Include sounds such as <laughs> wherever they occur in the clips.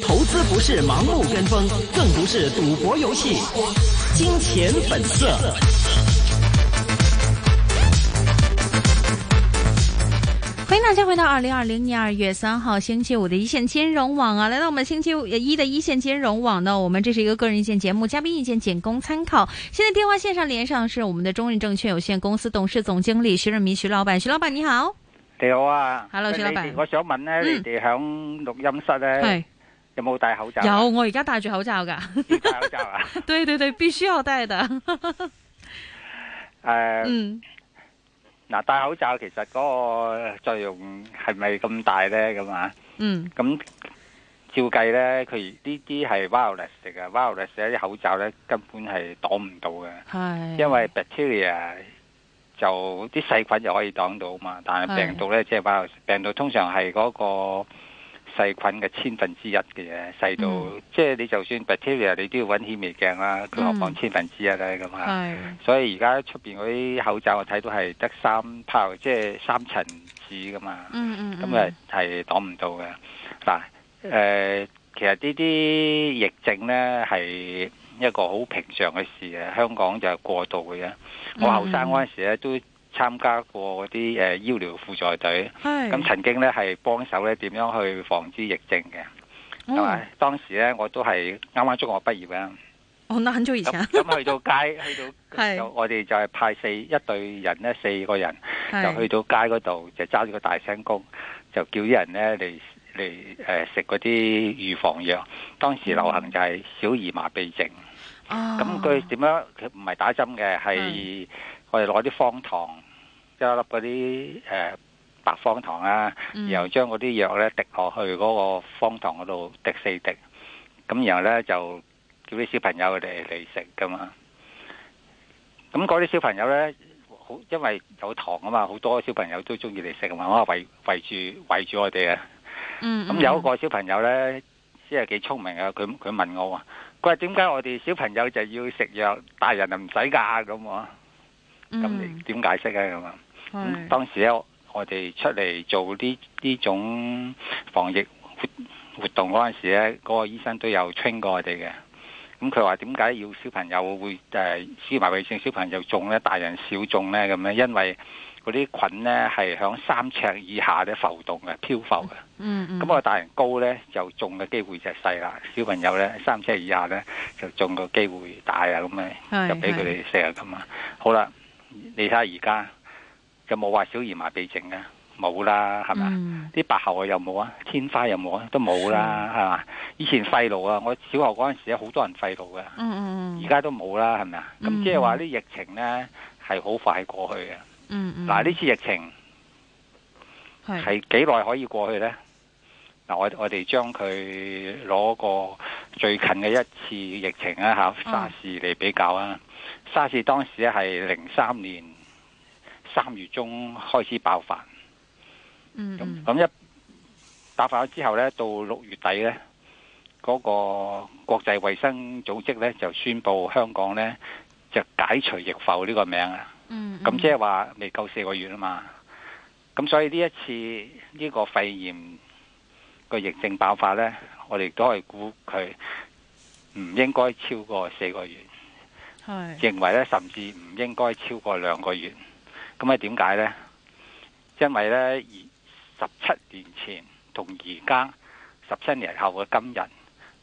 投資不是盲目跟風，更不是賭博遊戲。金錢本色。歡迎大家回到二零二零年二月三號星期五的一線金融網啊，來到我們星期五，一的一線金融網呢。我們這是一個個人意見節目，嘉賓意見僅供參考。現在電話線上連上是我們的中潤證券有限公司董事總經理徐潤民徐老闆，徐老闆你好。你好啊，Hello，小老闆，我想問咧，你哋響錄音室咧有冇戴口罩？有，我而家戴住口罩噶。戴口罩啊？對對對，必須要戴噶。誒，嗯，嗱，戴口罩其實嗰個作用係咪咁大咧？咁啊，嗯，咁照計咧，佢呢啲係 virus 嚟噶，virus 呢啲口罩咧根本係擋唔到噶，係，因為 bacteria。就啲細菌又可以擋到嘛，但係病毒咧，即係話病毒通常係嗰個細菌嘅千分之一嘅嘢細到，即係、嗯、你就算 bacteria 你都要揾顯微鏡啦，佢何況千分之一咧咁啊？是所以而家出邊嗰啲口罩我睇到係得三泡，即、就、係、是、三層紙噶嘛，咁啊係擋唔到嘅。嗱，誒、呃，其實呢啲疫症咧係。一個好平常嘅事啊！香港就係過度嘅啫。我後生嗰陣時咧，都參加過嗰啲誒醫療輔助隊。係咁曾經咧係幫手咧點樣去防止疫症嘅。係當時咧我都係啱啱中學畢業嘅。哦，那很早以前啊。咁去到街去到，我哋就係派四一隊人咧，四個人就去到街嗰度，就揸住個大聲公，就叫啲人咧嚟嚟誒食嗰啲預防藥，當時流行就係小兒麻痹症。哦，咁佢點樣？佢唔係打針嘅，係我哋攞啲方糖，一粒嗰啲誒白方糖啊，然後將嗰啲藥咧滴落去嗰個方糖嗰度滴四滴，咁然後咧就叫啲小朋友佢哋嚟食㗎嘛。咁嗰啲小朋友咧，好因為有糖啊嘛，好多小朋友都鍾意嚟食，咪圍圍住圍住我哋啊！咁有一個小朋友呢，即係幾聰明啊！佢佢問我話，佢話，點解我哋小朋友就要食藥，大人就唔使噶咁啊？咁你點解釋咧咁啊？咁、嗯嗯、當時咧，我哋出嚟做呢呢種防疫活動嗰陣時咧，嗰、嗰個醫生都有傾過我哋嘅。咁佢話，點解要小朋友會誒，豬麻衛線小朋友中呢，大人少中呢？」咁咧，因為。嗰啲菌呢係喺三尺以下呢浮動嘅，漂浮嘅。咁啊、嗯，嗯、大人高呢，就中嘅機會就細啦。小朋友呢，三尺以下呢，就中嘅機會大啊。咁咪就俾佢哋食啊。咁啊是，好啦，你睇下而家有冇話小兒麻痹症啊？冇啦，係嘛？啲白喉又冇啊，天花又冇啊，都冇啦，係嘛？以前肺癆啊，我小學嗰陣時呢好多人肺癆嘅，而家、嗯嗯、都冇啦，係咪啊？咁即係話啲疫情呢，係好快過去嘅。嗯嗯，嗯，嗱呢、啊、次疫情係幾耐可以過去咧？嗱，我我哋將佢攞個最近嘅一次疫情啊，吓沙士嚟比較啊。沙士當時咧係零三年三月中開始爆發，嗯，嗯，咁咁一爆發咗之後咧，到六月底咧，嗰個國際衛生組織咧就宣布香港咧就解除疫埠呢個名啊。嗯，嗯，咁即係話未夠四個月啊嘛，咁所以呢一次呢個肺炎個疫症爆發咧，我哋都係估佢唔應該超過四個月，係，認為咧甚至唔應該超過兩個月。咁啊，點解咧？因為咧而，十七年前同而家十七年後嘅今日。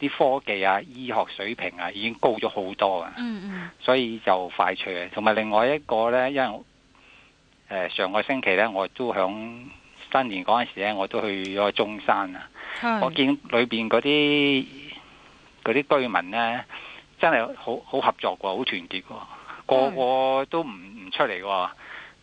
啲科技啊、醫學水平啊，已經高咗好多啊，嗯嗯，所以就快脆啊。同埋另外一個呢，因為誒、呃、上個星期呢，我都響新年嗰陣時咧，我都去咗中山啊。是我見裏邊嗰啲啲居民呢，真係好好合作嘅，好團結嘅，個個都唔唔出嚟嘅。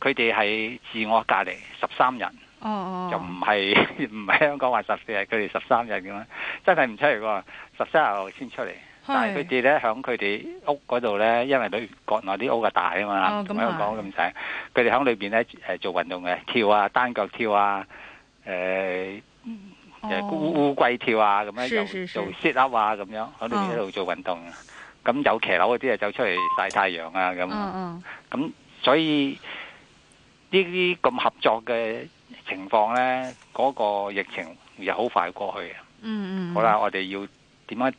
佢哋係自我隔離，十三人。哦，就唔係唔係香港話十四日，佢哋十三日咁啊，真係唔出嚟喎，十三號先出嚟。是但係佢哋咧響佢哋屋嗰度咧，因為佢國內啲屋啊大啊嘛，唔係香港咁細。佢哋響裏邊咧誒做運動嘅，跳啊單腳跳啊，誒、呃，誒烏龜跳啊咁樣、啊、樣，做 sit up 啊咁樣，喺度喺度做運動。咁、oh。有騎樓嗰啲啊走出嚟曬太陽啊咁。咁、oh, oh。所以呢啲咁合作嘅。情況呢嗰、嗰個疫情又好快過去啊！嗯嗯。好啦，我哋要點樣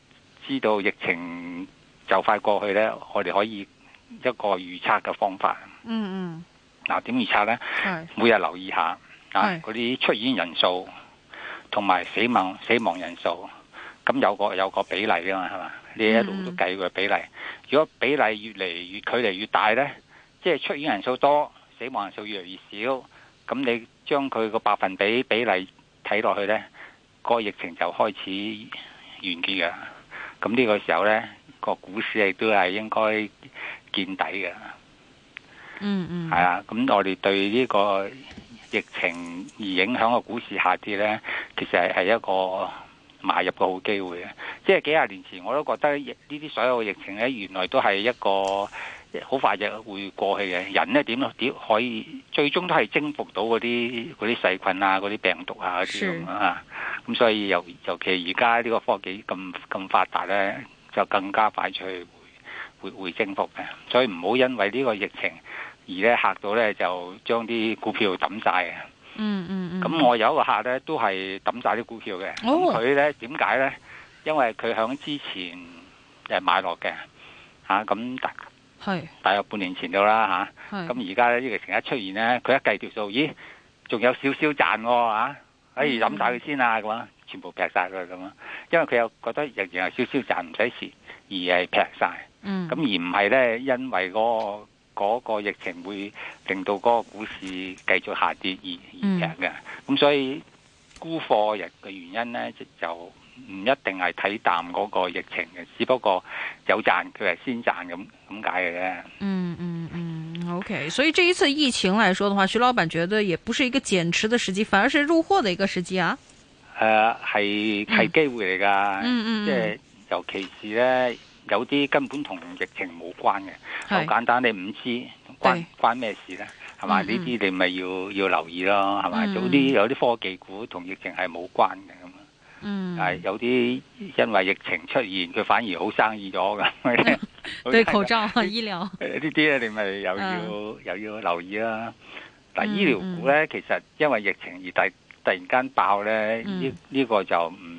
知道疫情就快過去呢？我哋可以一個預測嘅方法。嗯嗯。嗱、啊，點預測呢？是每日留意下是啊，嗰啲出院人數同埋死亡死亡人數，咁有個有個比例噶嘛，係嘛？你一路都計佢比例。嗯嗯。如果比例越嚟越距離越大呢，即係出院人數多，死亡人數越嚟越少，咁你。將佢個百分比比例睇落去呢，個疫情就開始完結嘅。咁、這、呢個時候呢，個股市亦都係應該見底嘅。嗯嗯，係啊。咁我哋對呢個疫情而影響個股市下跌呢，其實係一個買入嘅好機會嘅。即係幾廿年前我都覺得呢啲所有嘅疫情呢，原來都係一個。好快就會過去嘅人咧，點點可以最終都係徵服到嗰啲嗰啲細菌啊，嗰啲病毒啊，嗰啲咁啊。咁是、嗯、所以尤尤其而家呢個科技咁咁發達咧，就更加快脆去會會徵服嘅。所以唔好因為呢個疫情而咧嚇到咧，就將啲股票抌晒嘅。嗯嗯是。咁我有一個客咧，都係抌晒啲股票嘅，佢咧點解咧？因為佢響之前誒，買落嘅吓，咁大。啊大約半年前到啦吓，咁而家咧，呢個疫情一出現咧，佢一計條數，咦，仲有少少賺喎啊！哎，諗晒佢先啊，咁啊，全部劈晒佢咁啊，因為佢又覺得仍然有少少賺唔使蝕，而係劈晒，咁而唔係咧，因為嗰、那、嗰、個那個疫情會令到嗰個股市繼續下跌而而劈嘅，咁、嗯、所以沽貨人嘅原因咧就，就。唔一定係睇淡嗰個疫情嘅，只不過有賺佢係先賺咁咁解嘅啫。嗯嗯嗯，OK。所以，這一次疫情嚟說的話，徐老闆覺得也不是一個減持的時機，反而是入貨的一個時機啊。誒、呃，係係機會嚟噶。嗯、即係尤其是呢，有啲根本同疫情冇關嘅。係是。好簡單，你唔知關對關咩事呢？係嘛？呢啲、嗯嗯、你咪要要留意咯，係嘛？早啲有啲科技股同疫情係冇關嘅。嗯，係、啊、有啲因為疫情出現，佢反而好生意咗噉。呵呵 <laughs> 對口罩、醫療，呢啲咧你咪又要又、嗯、要留意啦。嗱，醫療股咧，嗯、其實因為疫情而第突然間爆咧，呢呢、嗯這個就唔。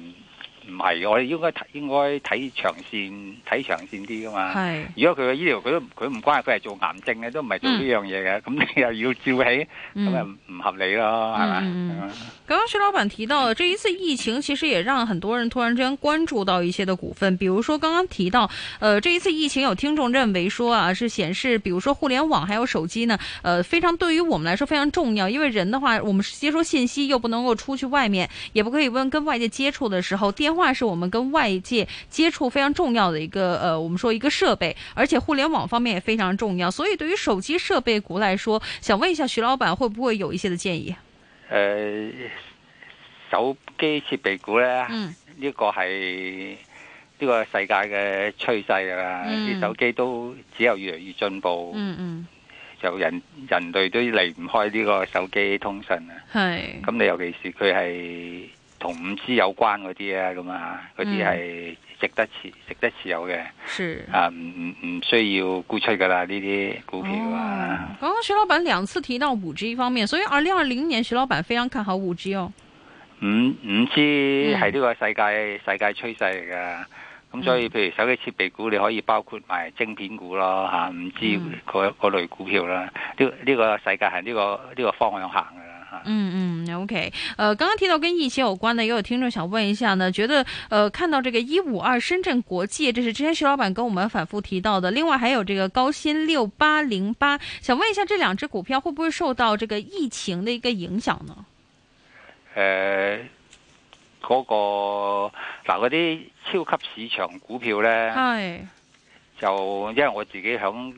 唔係，我哋應該睇應該睇長線睇長線啲噶嘛。如果佢嘅醫療佢都佢唔關，佢係做癌症嘅，都唔係做呢樣嘢嘅，咁你又要照起，咁咪唔合理咯，係嘛、嗯？剛剛徐老闆提到，這一次疫情其實也讓很多人突然之間關注到一些的股份，比如說剛剛提到，呃，這一次疫情有聽眾認為說啊，是顯示，比如說互聯網還有手機呢，呃，非常對於我們來說非常重要，因為人的話，我們接收信息又不能夠出去外面，也不可以跟跟外界接觸的時候電話話是我們跟外界接觸非常重要的一個，呃，我們說一個設備，而且互聯網方面也非常重要，所以對於手機設備股來說，想問一下徐老闆，會不會有一些的建議？誒、呃，手機設備股呢，呢、嗯、個係呢個世界嘅趨勢啊，嗯、手機都只有越嚟越進步，嗯嗯、就人人類都離唔開呢個手機通訊啊，係、嗯，咁你尤其是佢係。嗯嗯同五 G 有關嗰啲啊，咁啊嗰啲係值得持值得持有嘅，是啊唔唔需要沽出噶啦呢啲股票啊、哦。剛剛徐老闆兩次提到五 G 方面，所以二零二零年徐老闆非常看好五 G 哦。五五 G 係呢個世界、嗯、世界趨勢嚟噶，咁所以譬如手機設備股，你可以包括埋晶片股咯嚇，五 G 嗰類股票啦。呢呢、嗯、個世界係呢、呢個呢、呢個方向行。嗯嗯，OK，誒、呃，剛剛提到跟疫情有關的，也有聽眾想問一下呢，覺得，誒、呃，看到這個一五二深圳國際，這是之前徐老闆跟我們反覆提到的，另外還有這個高新六八零八，想問一下，這兩隻股票會不會受到這個疫情的一個影響呢？誒、呃，嗰、那個嗱，嗰啲超級市場股票呢，哎、就因為我自己響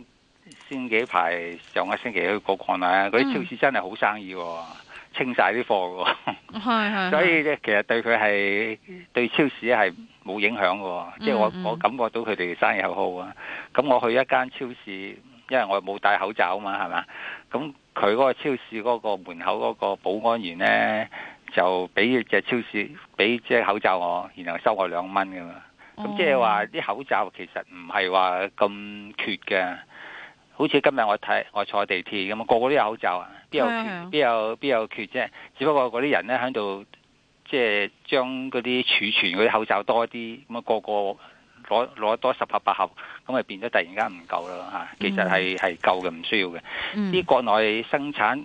先幾排上個星期去過逛下，嗰啲超市真係好生意，哦。嗯清晒啲貨嘅 <laughs> 是所以咧其實對佢係對超市係冇影響嘅，即係我嗯嗯我感覺到佢哋生意好好啊。咁我去一間超市，因為我冇戴口罩啊嘛，係嘛？咁佢嗰個超市嗰個門口嗰個保安員呢，就俾隻超市俾隻口罩我，然後收我兩蚊嘅嘛。咁即係話啲口罩其實唔係話咁缺嘅，好似今日我睇我坐地鐵咁啊，個個都有口罩啊。邊有缺？邊有邊有缺啫？只不過嗰啲人咧喺度，即係將嗰啲儲存嗰啲口罩多啲，咁、那、啊個個攞攞多十盒八盒，咁咪變咗突然間唔夠啦吓。其實係係夠嘅，唔、嗯、需要嘅。啲、嗯、國內生產，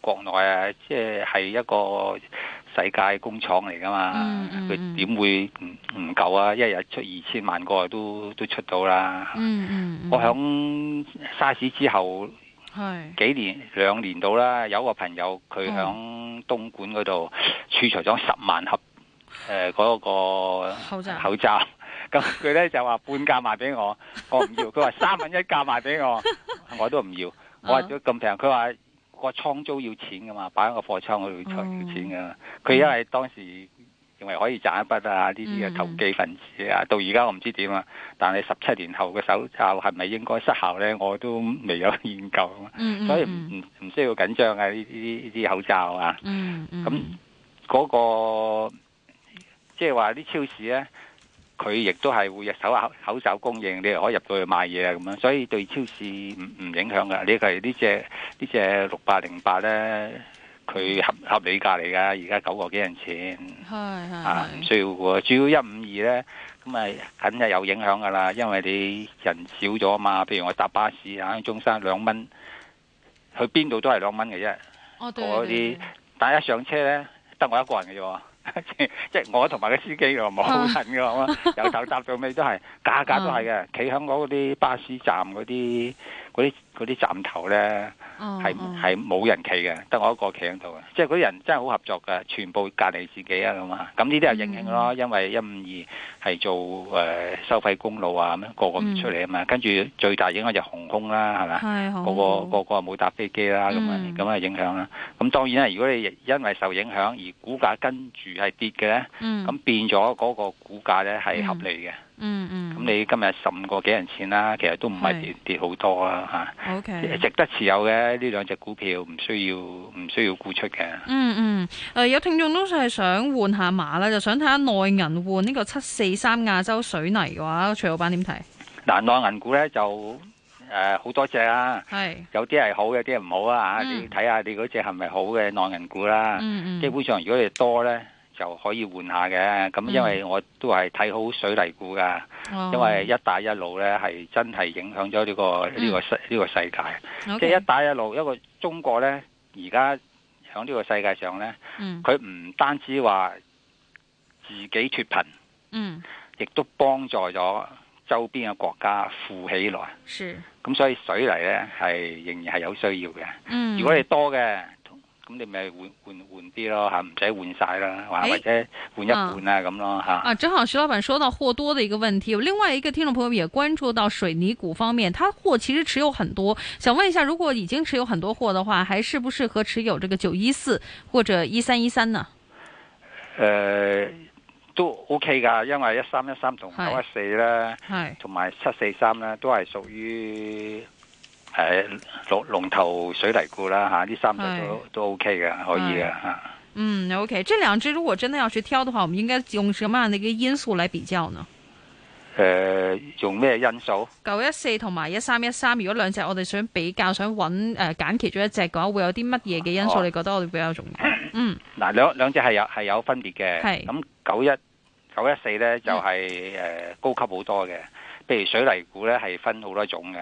國內啊，即係係一個世界工廠嚟噶嘛，佢點、嗯嗯、會唔唔夠啊？一日出二千萬個都都出到啦。嗯嗯嗯、我響沙士之後。幾年兩年到啦，有一個朋友佢響東莞嗰度儲除咗十萬盒誒嗰、呃那個口罩、呃、口罩，咁佢咧就話半價賣俾我，我唔要。佢話 <laughs> 三分一價賣俾我，我都唔要。 <laughs> 啊、我話咁平，佢話個倉租要錢噶嘛，擺喺個貨倉度要要錢噶嘛。佢、嗯、因為當時。嗯可以賺一筆啊！呢啲嘅投機分子啊，到而家我唔知點啊。但係十七年後嘅手罩係咪應該失效呢？我都未有研究，所以唔唔需要緊張啊！呢啲呢啲口罩啊，咁嗰、嗯嗯嗰個即係話啲超市呢，佢亦都係會手口手供應，你又可以入到去買嘢啊咁樣，所以對超市唔唔影響噶。呢個係呢隻呢隻6808呢。佢合合理價嚟噶，而家九個幾銀錢，係係係啊唔需要嘅。主要一五二咧，咁啊梗係有影響噶啦，因為你人少咗嘛。譬如我搭巴士啊，中山兩蚊，去邊度都係兩蚊嘅啫。哦、我啲但一上車咧，得我一個人嘅啫，即 <laughs> 係我同埋個司機又冇人嘅，是由頭搭到，到尾都係，價格都係嘅，企喺嗰啲巴士站嗰啲。嗰啲啲站頭咧，係係冇人企嘅，得我一個企喺度嘅。即係嗰啲人真係好合作嘅，全部隔離自己啊咁啊。咁呢啲係應慶咯，形形 mm. 因為一五二係做誒、呃、收費公路啊咁樣個個唔出嚟啊嘛。跟住最大影響就航空啦、啊，係咪？個個個個冇搭飛機啦咁啊，咁啊、mm. 影響啦。咁當然啦，如果你因為受影響而股價跟住係跌嘅咧，咁、mm. 變咗嗰個股價咧係合理嘅。Mm. 嗯嗯，咁、嗯、你今日十五個幾人錢啦、啊，其實都唔係跌是跌好多啊吓，OK，值得持有嘅呢兩隻股票，唔需要唔需要沽出嘅、嗯。嗯嗯，誒、呃，有聽眾都係想換下馬啦，就想睇下內銀換呢個七四三亞洲水泥嘅話，徐老闆點睇？嗱、呃，內銀股咧就誒好、呃、多隻啦，係是，有啲係好，有啲係唔好啊吓，你睇下你嗰隻係咪好嘅內銀股啦，嗯、基本上如果你多咧。就可以換下嘅，咁因為我都係睇好水泥股㗎，哦、因為一帶一路咧係真係影響咗呢、這個呢個世呢個世界。即係、嗯、一帶一路，一個中國咧，而家喺呢個世界上咧，佢唔、嗯、單止話自己脫貧，嗯，亦都幫助咗周邊嘅國家富起來。是，咁所以水泥咧係仍然係有需要嘅。嗯，如果你多嘅。咁、嗯、你咪換換換啲咯吓，唔使換晒啦，或者換一換啊咁咯吓。啊，啊，正好徐老板說到貨多嘅一個問題，另外一個聽眾朋友也關注到水泥股方面，他貨其實持有很多，想問一下，如果已經持有很多貨的話，還適不適合持有這個九一四或者一三一三呢？誒、呃，都 OK 噶，因為一三一三同九一四啦，係同埋七四三啦，都係屬於。誒，龍龍、呃、頭水泥股啦，吓，呢、啊、三隻都是都 OK 嘅，可以嘅吓。啊、嗯，OK，即係兩隻如果真係要去挑嘅話，我唔應該用什麼？你嘅因素嚟比較呢？誒、呃，用咩因素？九一四同埋一三一三，如果兩隻我哋想比較，想揾誒揀其中一隻嘅話，會有啲乜嘢嘅因素？你覺得我哋比較重要？哦、 <laughs> 嗯，嗱，兩兩隻係有係有分別嘅。咁是，九一九一四咧就係、是、誒、呃、高級好多嘅，譬如水泥股咧係分好多種嘅。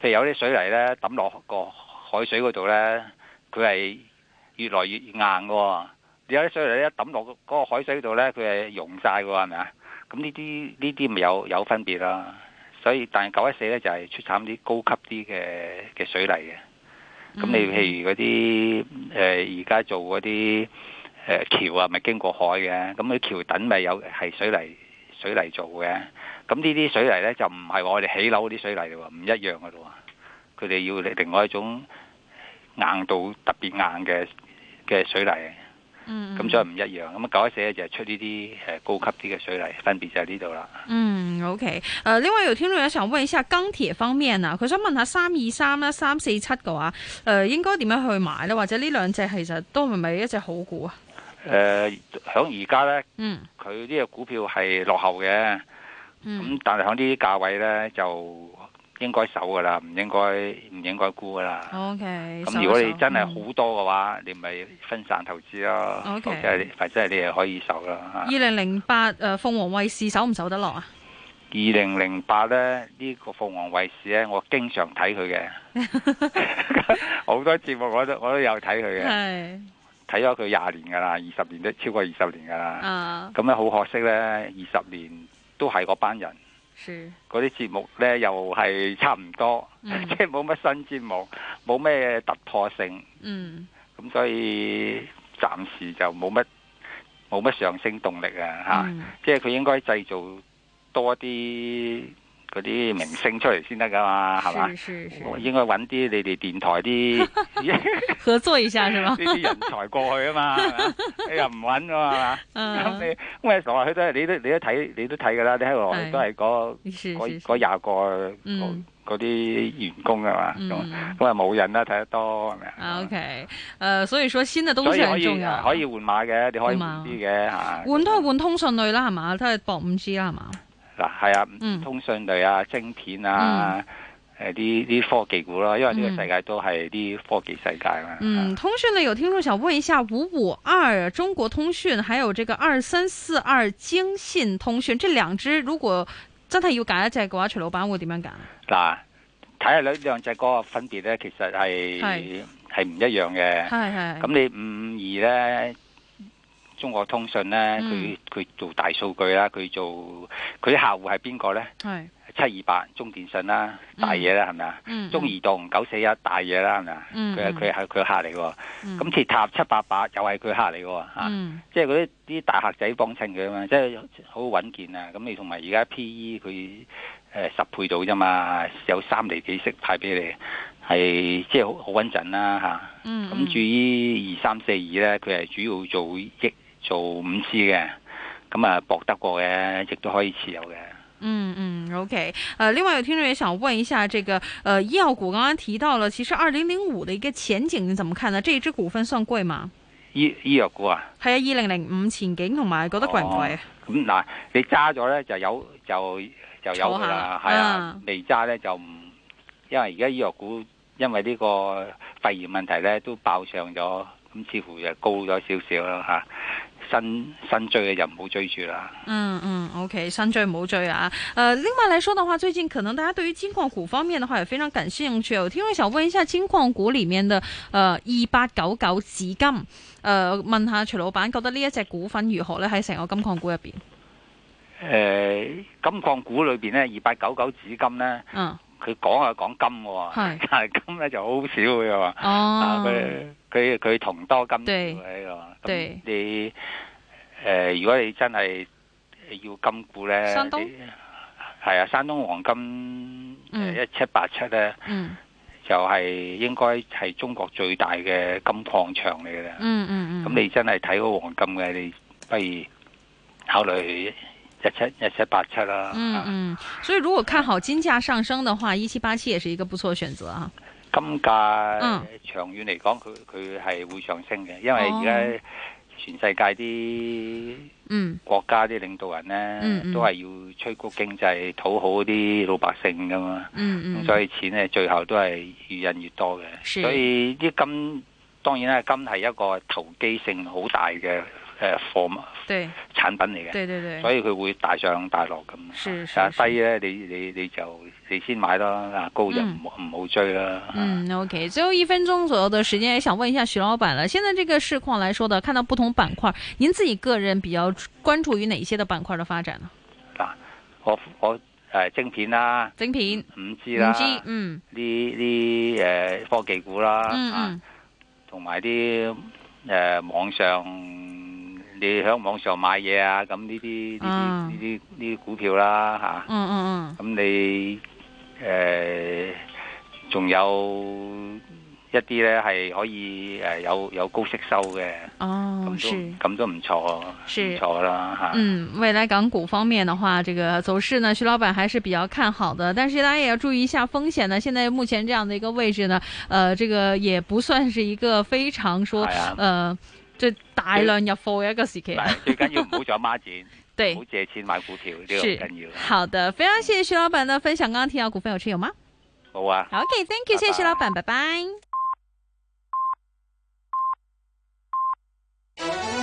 譬如有啲水泥咧抌落個海水嗰度咧，佢係越來越硬嘅、哦；有啲水泥咧抌落嗰個海水嗰度咧，佢係溶晒嘅、哦，係咪啊？咁呢啲呢啲咪有有分別啦。所以但係九一四咧就係、是、出產啲高級啲嘅嘅水泥嘅。咁你譬如嗰啲誒而家做嗰啲誒橋啊，咪經過海嘅？咁、那、啲、個、橋墩咪有係水泥水泥做嘅。咁呢啲水泥咧就唔係我哋起樓嗰啲水泥嚟，唔一樣噶咯。佢哋要另外一種硬度特別硬嘅嘅水泥，咁所以唔一樣。咁啊，九一四咧就出呢啲誒高級啲嘅水泥，分別就喺呢度啦。嗯，OK。誒、呃，另外又天到有成，想問下鋼鐵方面啊，佢想問下三二三啦、三四七嘅話，誒、呃，應該點樣去買咧？或者呢兩隻其實都唔係一隻好股啊？誒，響而家咧，嗯，佢、呃、呢隻、嗯、股票係落後嘅。咁、嗯、但係喺呢啲價位呢，就應該守噶啦，唔應該唔應該沽噶啦。O K，咁如果你真係好多嘅話，嗯、你咪分散投資咯。O 或者係你又、就是、可以守啦。二零零八誒，鳳凰衛視守唔守得落啊？二零零八咧，呢、這個鳳凰衛視呢，我經常睇佢嘅，好 <laughs> 多節目我都我都有睇佢嘅，睇咗佢廿年噶啦，二十年都超過二十年噶啦。啊，咁咧好可惜呢，二十年。都係嗰班人，嗰啲節目呢又係差唔多，嗯、即係冇乜新節目，冇咩突破性。嗯，咁所以暫時就冇乜冇乜上升動力啊！吓、啊，嗯、即係佢應該製造多啲。嗰啲明星出嚟先得噶嘛，係嘛？我應該揾啲你哋電台啲合作一下，是嘛？呢啲人才過去啊嘛，你又唔揾啊嘛？咁你咁嘅傻話，佢都係你都你都睇你都睇噶啦，你喺內都係嗰嗰廿個嗰啲員工啊嘛，咁咁啊冇人啦睇得多係咪啊？OK，呃，所以說新的東西係重要，可以換碼嘅，你可以五 G 嘅，換都係換通訊類啦，係嘛？都係博五 G 啦，係嘛？嗱，係啊，通信類啊，晶片啊，誒、嗯，啲啲、呃、科技股咯，因為呢個世界都係啲科技世界啊嘛。嗯，通訊類有聽眾想問一下，五五二中國通訊，還有這個二三四二京信通訊，這兩支如果真係要揀一隻嘅話，徐老闆會點樣揀？嗱，睇下兩兩隻個分別咧，其實係係唔一樣嘅。係係，咁你五五二咧？中國通訊咧，佢佢、嗯、做大數據啦，佢做佢啲客戶係邊個咧？係七二八中電信啦，大嘢啦係咪啊？嗯嗯嗯嗯，中移動九四一大嘢啦係咪啊？佢係佢係佢客嚟喎。咁鐵塔七八八又係佢客嚟嘅喎，吓，即係嗰啲啲大客仔幫襯佢啊嘛，即係好穩健啊。咁你同埋而家 PE 佢誒十倍到啫嘛，有三厘幾息派俾你，係即係好穩陣啦吓，咁至於二三四二咧，佢係主要做益。做 5G 嘅，咁啊，博得過嘅，亦都可以持有嘅。嗯嗯，OK。誒，另外有聽眾也想問一下，這個誒、呃、醫藥股，剛剛提到了，其實二零零五的一個前景，你怎麼看呢？這支股份算貴嗎？醫醫藥股啊，係啊，二零零五前景，同埋覺得貴唔貴，哦，啊？咁嗱，嗯，你揸咗呢就有就就有啦，係下啊。未揸呢就唔，啊，因為而家醫藥股因為呢個肺炎問題呢，都爆上咗，咁似乎就高咗少少啦吓。新新追嘅又唔好追住啦、嗯。嗯嗯，OK，新追唔好追啊。誒、呃，另外來說嘅話，最近可能大家對於金礦股方面嘅話，也非常感興趣。我聽，我想問一下金礦股裏面嘅誒二八九九紫金，誒、呃，問下徐老闆，覺得呢一隻股份如何呢？喺成個金礦股入邊？誒、呃，金礦股裏邊呢，二八九九紫金呢。嗯。佢講啊講金喎，但係金咧就好少嘅喎。佢佢佢銅多金少喺度。你誒對、呃，如果你真係要金股咧，係東啊，山東黃金一七八七咧，呃呢嗯、就係應該係中國最大嘅金礦場嚟嘅啦。咁、嗯嗯嗯、你真係睇好黃金嘅，你不如考慮。日七日七八七啦、啊，嗯嗯，所以如果看好金價上升的話，一七八七也是一個不錯選擇啊。金價價、嗯哦，嗯，長遠嚟講，佢佢係會上升嘅，因為而家全世界啲嗯國家啲領導人呢，嗯嗯、都係要吹高經濟，討好啲老百姓噶嘛，嗯嗯，嗯所以錢咧最後都係越印越多嘅，是所以啲金當然啦，金係一個投機性好大嘅。誒，貨物產品嚟嘅，對對對，所以佢會大上大落咁。但係是低咧，你你你就你先買啦，啊高就唔唔、嗯、好追啦。嗯，OK，最後一分鐘左右嘅時間，也想問一下徐老闆啦。現在這個市況來說的，看到不同板塊，您自己個人比較關注於哪一些的板塊的發展呢？嗱、啊，我我誒，晶片啦、啊，晶片 5G 啦，5G 嗯，呢啲誒科技股啦，嗯，同埋啲誒網上。網上嗯你喺網上買嘢啊，咁呢啲呢啲呢啲呢啲股票啦嚇，咁、啊嗯嗯、你誒仲、呃、有一啲咧係可以誒、呃、有有高息收嘅，咁、哦、都咁是都唔錯，唔是錯啦嚇。啊、嗯，未來港股方面的話，這個走勢呢，徐老闆還是比較看好的，但是大家也要注意一下風險呢。現在目前這樣的一個位置呢，呃，這個也不算是一個非常說，啊、呃。最大量入貨嘅一個時期， <laughs> 最緊要唔好再孖展，唔好 <laughs> 對借錢買股票呢啲唔緊要。好的，非常謝謝徐老闆的分享，啊，今日天有股份有持有嗎？冇啊。OK，thank、okay, you，拜拜謝謝徐老闆，拜拜。 <noise>